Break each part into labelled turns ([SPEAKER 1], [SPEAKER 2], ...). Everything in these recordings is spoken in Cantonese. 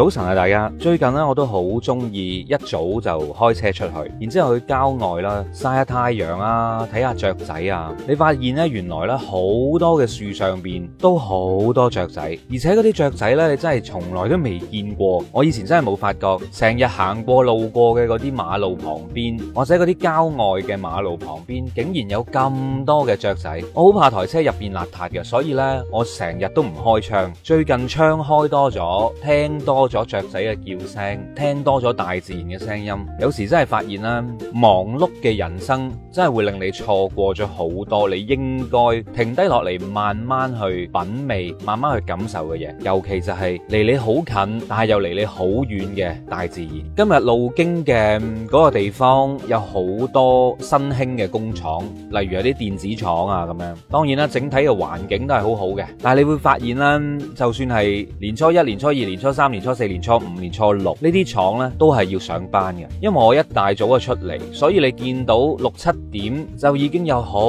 [SPEAKER 1] 早晨啊，大家！最近咧，我都好中意一早就開車出去，然之後去郊外啦，晒下太陽啊，睇下雀仔啊。你發現咧，原來咧好多嘅樹上邊都好多雀仔，而且嗰啲雀仔咧，你真係從來都未見過。我以前真係冇發覺，成日行過路過嘅嗰啲馬路旁邊，或者嗰啲郊外嘅馬路旁邊，竟然有咁多嘅雀仔。我好怕台車入邊邋遢嘅，所以咧我成日都唔開窗。最近窗開多咗，聽多。咗雀仔嘅叫聲，聽多咗大自然嘅聲音。有時真係發現啦，忙碌嘅人生真係會令你錯過咗好多你應該停低落嚟，慢慢去品味、慢慢去感受嘅嘢，尤其就係離你好近，但係又離你好遠嘅大自然。今日路經嘅嗰個地方有好多新興嘅工廠，例如有啲電子廠啊咁樣。當然啦，整體嘅環境都係好好嘅，但係你會發現啦，就算係年初一、年初二、年初三、年初初四、年初五、年初六，呢啲廠呢，都係要上班嘅，因為我一大早啊出嚟，所以你見到六七點就已經有好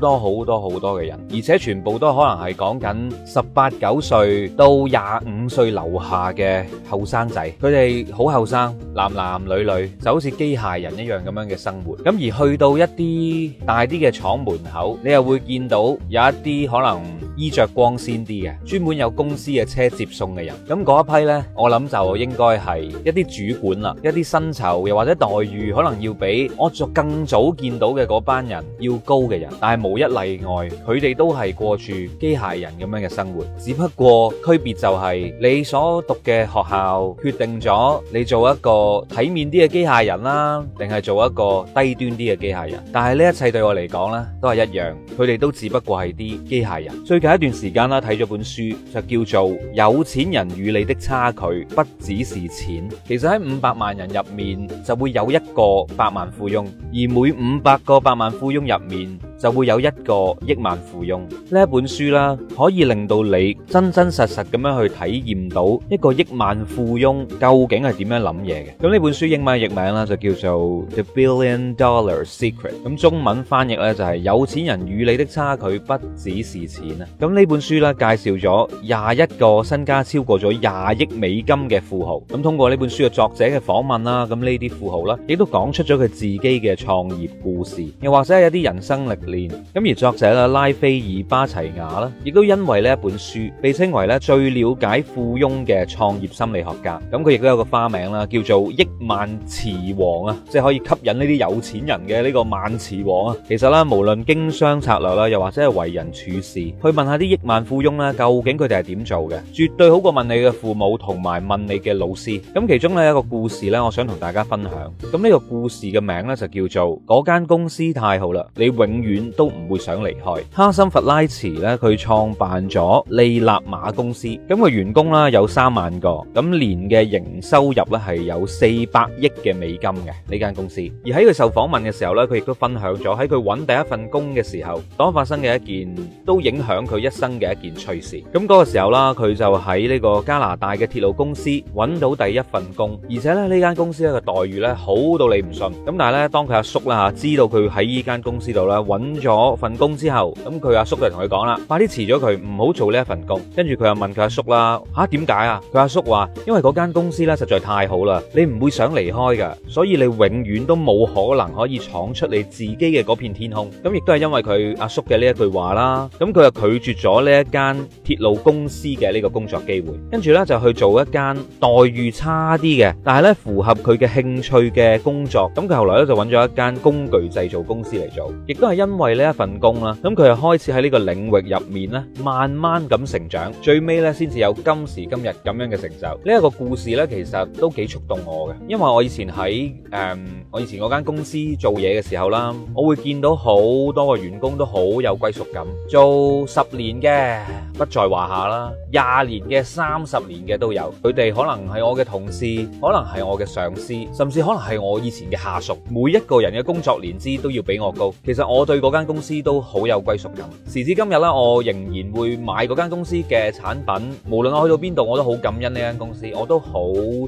[SPEAKER 1] 多好多好多嘅人，而且全部都可能係講緊十八九歲到廿五歲樓下嘅後生仔，佢哋好後生，男男女女就好似機械人一樣咁樣嘅生活。咁而去到一啲大啲嘅廠門口，你又會見到有一啲可能。衣著光鮮啲嘅，專門有公司嘅車接送嘅人，咁嗰一批呢，我諗就應該係一啲主管啦，一啲薪酬又或者待遇可能要比我做更早見到嘅嗰班人要高嘅人，但係無一例外，佢哋都係過住機械人咁樣嘅生活，只不過區別就係你所讀嘅學校決定咗你做一個體面啲嘅機械人啦，定係做一個低端啲嘅機械人，但係呢一切對我嚟講呢都係一樣，佢哋都只不過係啲機械人。最近。有一段時間啦，睇咗本書，就叫做《有錢人與你的差距，不只是錢》。其實喺五百萬人入面，就會有一個百萬富翁，而每五百個百萬富翁入面。就會有一個億萬富翁呢一本書啦，可以令到你真真實實咁樣去體驗到一個億萬富翁究竟係點樣諗嘢嘅。咁呢本書英文嘅譯名啦就叫做《The Billion Dollar Secret》，咁中文翻譯咧就係《有錢人與你的差距不只是錢》啊。咁呢本書啦介紹咗廿一個身家超過咗廿億美金嘅富豪，咁通過呢本書嘅作者嘅訪問啦，咁呢啲富豪啦亦都講出咗佢自己嘅創業故事，又或者係一啲人生歷。咁而作者咧拉斐爾巴齊亞啦，亦都因為呢一本書，被稱為咧最了解富翁嘅創業心理學家。咁佢亦都有個花名啦，叫做億萬磁王啊，即係可以吸引呢啲有錢人嘅呢個萬磁王啊。其實咧，無論經商策略啦，又或者係為人處事，去問下啲億萬富翁咧，究竟佢哋係點做嘅，絕對好過問你嘅父母同埋問你嘅老師。咁其中呢一個故事咧，我想同大家分享。咁呢個故事嘅名咧就叫做《嗰間公司太好啦》，你永遠。都唔會想離開。哈森弗拉茨咧，佢創辦咗利納馬公司，咁佢員工啦有三萬個，咁年嘅營收入咧係有四百億嘅美金嘅呢間公司。而喺佢受訪問嘅時候咧，佢亦都分享咗喺佢搵第一份工嘅時候，當發生嘅一件都影響佢一生嘅一件趣事。咁嗰個時候啦，佢就喺呢個加拿大嘅鐵路公司搵到第一份工，而且咧呢間公司咧嘅待遇咧好到你唔信。咁但係咧，當佢阿叔啦吓知道佢喺呢間公司度咧搵。咗份工之後，咁佢阿叔就同佢講啦，快啲辭咗佢，唔好做呢一份工。跟住佢又問佢阿叔啦，吓點解啊？佢阿叔話，因為嗰間公司咧實在太好啦，你唔會想離開噶，所以你永遠都冇可能可以闖出你自己嘅嗰片天空。咁亦都係因為佢阿叔嘅呢一句話啦，咁佢就拒絕咗呢一間鐵路公司嘅呢個工作機會，跟住咧就去做一間待遇差啲嘅，但係咧符合佢嘅興趣嘅工作。咁佢後來咧就揾咗一間工具製造公司嚟做，亦都係因。因為呢一份工啦，咁佢係開始喺呢個領域入面咧，慢慢咁成長，最尾呢，先至有今時今日咁樣嘅成就。呢、這、一個故事呢，其實都幾觸動我嘅，因為我以前喺誒、呃、我以前嗰間公司做嘢嘅時候啦，我會見到好多個員工都好有歸屬感，做十年嘅。不在話下啦。廿年嘅、三十年嘅都有。佢哋可能係我嘅同事，可能係我嘅上司，甚至可能係我以前嘅下屬。每一個人嘅工作年資都要比我高。其實我對嗰間公司都好有歸屬感。時至今日咧，我仍然會買嗰間公司嘅產品。無論我去到邊度，我都好感恩呢間公司，我都好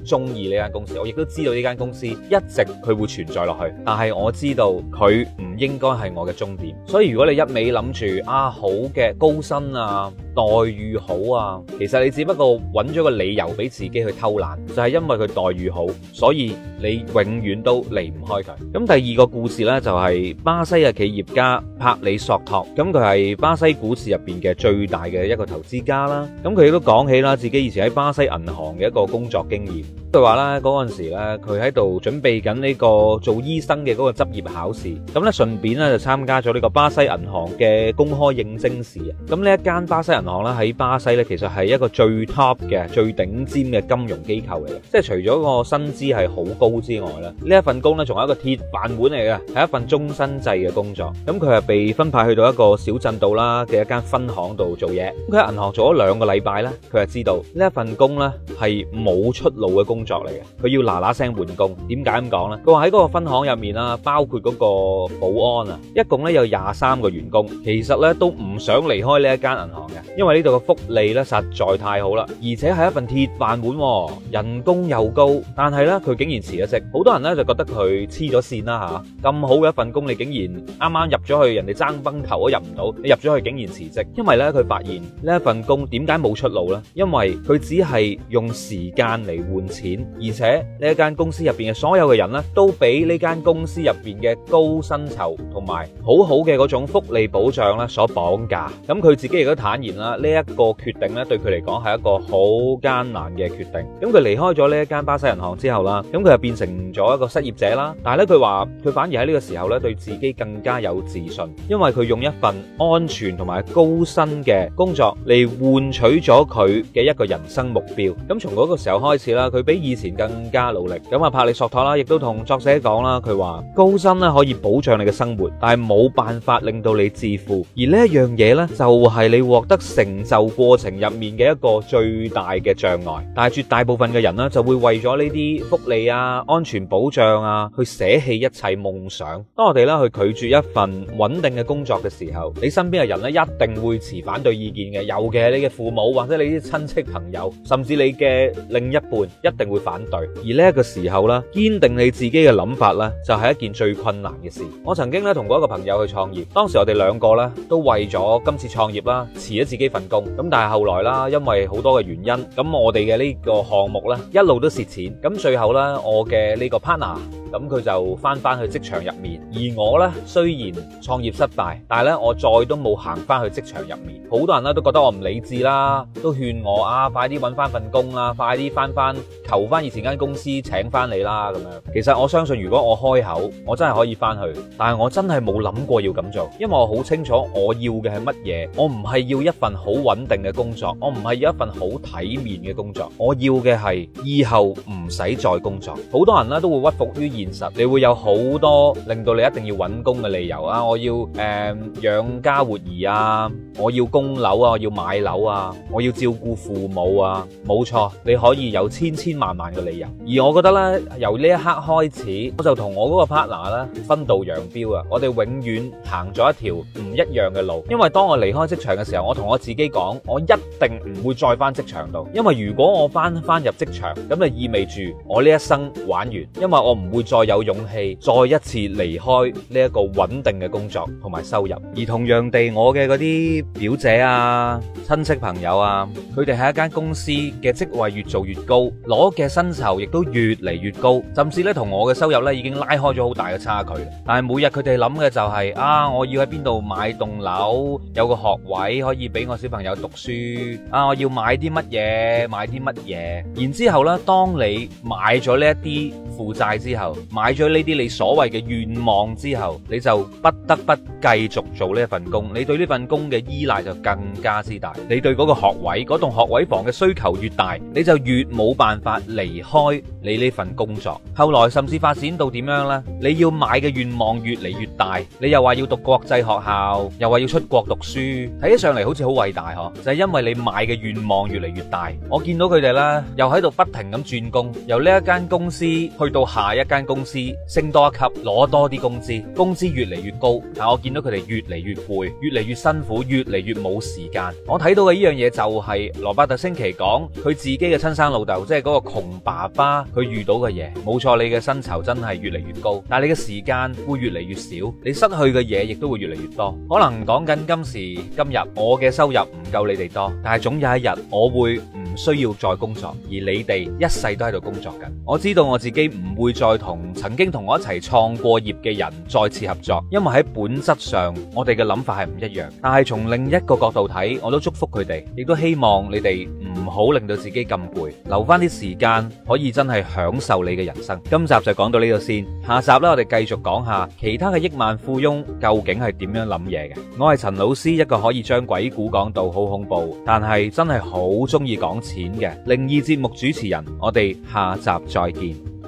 [SPEAKER 1] 鍾意呢間公司。我亦都知道呢間公司一直佢會存在落去。但係我知道佢唔應該係我嘅終點。所以如果你一味諗住啊，好嘅高薪啊，待遇好啊，其實你只不過揾咗個理由俾自己去偷懶，就係因為佢待遇好，所以你永遠都離唔開佢。咁第二個故事呢，就係巴西嘅企業家帕里索托，咁佢係巴西股市入邊嘅最大嘅一個投資家啦。咁佢都講起啦自己以前喺巴西銀行嘅一個工作經驗。佢話，嗰陣時，呃，佢喺度，工作嚟嘅，佢要嗱嗱聲換工。點解咁講呢？佢話喺嗰個分行入面啦，包括嗰個保安啊，一共咧有廿三個員工。其實咧都唔想離開呢一間銀行嘅，因為呢度嘅福利咧實在太好啦，而且係一份鐵飯碗，人工又高。但係呢佢竟然辭咗職，好多人咧就覺得佢黐咗線啦吓。咁好嘅一份工，你竟然啱啱入咗去，人哋爭崩頭都入唔到，你入咗去竟然辭職，因為呢佢發現呢一份工點解冇出路呢？因為佢只係用時間嚟換錢。而且呢一間公司入邊嘅所有嘅人咧，都俾呢間公司入邊嘅高薪酬同埋好好嘅嗰種福利保障咧所綁架。咁佢自己亦都坦言啦，呢一個決定咧對佢嚟講係一個好艱難嘅決定。咁佢離開咗呢一間巴西銀行之後啦，咁佢就變成咗一個失業者啦。但係咧佢話佢反而喺呢個時候咧對自己更加有自信，因為佢用一份安全同埋高薪嘅工作嚟換取咗佢嘅一個人生目標。咁從嗰個時候開始啦，佢俾以前更加努力咁啊！帕利索托啦，亦都同作者講啦。佢話高薪咧可以保障你嘅生活，但係冇辦法令到你致富。而呢一樣嘢咧，就係你獲得成就過程入面嘅一個最大嘅障礙。但係絕大部分嘅人咧，就會為咗呢啲福利啊、安全保障啊，去捨棄一切夢想。當我哋咧去拒絕一份穩定嘅工作嘅時候，你身邊嘅人咧一定會持反對意見嘅。有嘅你嘅父母，或者你啲親戚朋友，甚至你嘅另一半，一定。會反對，而呢一個時候呢，堅定你自己嘅諗法呢，就係一件最困難嘅事。我曾經呢，同過一個朋友去創業，當時我哋兩個呢，都為咗今次創業啦，辭咗自己份工。咁但係後來啦，因為好多嘅原因，咁我哋嘅呢個項目呢，一路都蝕錢。咁最後呢，我嘅呢個 partner，咁佢就翻翻去職場入面。而我呢，雖然創業失敗，但係呢，我再都冇行翻去職場入面。好多人呢，都覺得我唔理智啦，都勸我啊，快啲搵翻份工啊，快啲翻翻求。做翻以前間公司請翻你啦，咁樣，其實我相信如果我開口，我真係可以翻去，但係我真係冇諗過要咁做，因為我好清楚我要嘅係乜嘢，我唔係要一份好穩定嘅工作，我唔係要一份好體面嘅工作，我要嘅係以後唔使再工作。好多人呢都會屈服於現實，你會有好多令到你一定要揾工嘅理由啊，我要誒、呃、養家活兒啊，我要供樓啊，我要樓啊，我要買樓啊，我要照顧父母啊，冇錯，你可以有千千萬萬嘅理由，而我覺得咧，由呢一刻開始，我就同我嗰個 partner 咧，分道揚鑣啊！我哋永遠行咗一條唔一樣嘅路，因為當我離開職場嘅時候，我同我自己講，我一定唔會再翻職場度，因為如果我翻翻入職場，咁就意味住我呢一生玩完，因為我唔會再有勇氣再一次離開呢一個穩定嘅工作同埋收入，而同樣地，我嘅嗰啲表姐啊、親戚朋友啊，佢哋喺一間公司嘅職位越做越高，攞嘅薪酬亦都越嚟越高，甚至咧同我嘅收入咧已經拉開咗好大嘅差距。但係每日佢哋諗嘅就係啊，我要喺邊度買棟樓，有個學位可以俾我小朋友讀書。啊，我要買啲乜嘢，買啲乜嘢。然之後咧，當你買咗呢一啲負債之後，買咗呢啲你所謂嘅願望之後，你就不得不繼續做呢一份工。你對呢份工嘅依賴就更加之大。你對嗰個學位、嗰棟學位房嘅需求越大，你就越冇辦法，離開你呢份工作，後來甚至發展到點樣呢？你要買嘅願望越嚟越大，你又話要讀國際學校，又話要出國讀書，睇起上嚟好似好偉大嗬！就係因為你買嘅願望越嚟越大，我見到佢哋啦，又喺度不停咁轉工，由呢一間公司去到下一間公司，升多一級，攞多啲工資，工資越嚟越高，但我見到佢哋越嚟越攰，越嚟越辛苦，越嚟越冇時間。我睇到嘅呢樣嘢就係羅伯特·清崎講佢自己嘅親生老豆，即係嗰個。同爸爸佢遇到嘅嘢，冇錯，你嘅薪酬真係越嚟越高，但係你嘅時間會越嚟越少，你失去嘅嘢亦都會越嚟越多。可能講緊今時今日，我嘅收入唔夠你哋多，但係總有一日我會。唔需要再工作，而你哋一世都喺度工作緊。我知道我自己唔會再同曾經同我一齊創過業嘅人再次合作，因為喺本質上我哋嘅諗法係唔一樣。但係從另一個角度睇，我都祝福佢哋，亦都希望你哋唔好令到自己咁攰，留翻啲時間可以真係享受你嘅人生。今集就講到呢度先，下集咧，我哋繼續講下其他嘅億萬富翁究竟係點樣諗嘢嘅。我係陳老師，一個可以將鬼故講到好恐怖，但係真係好中意講。錢嘅靈異節目主持人，我哋下集再見。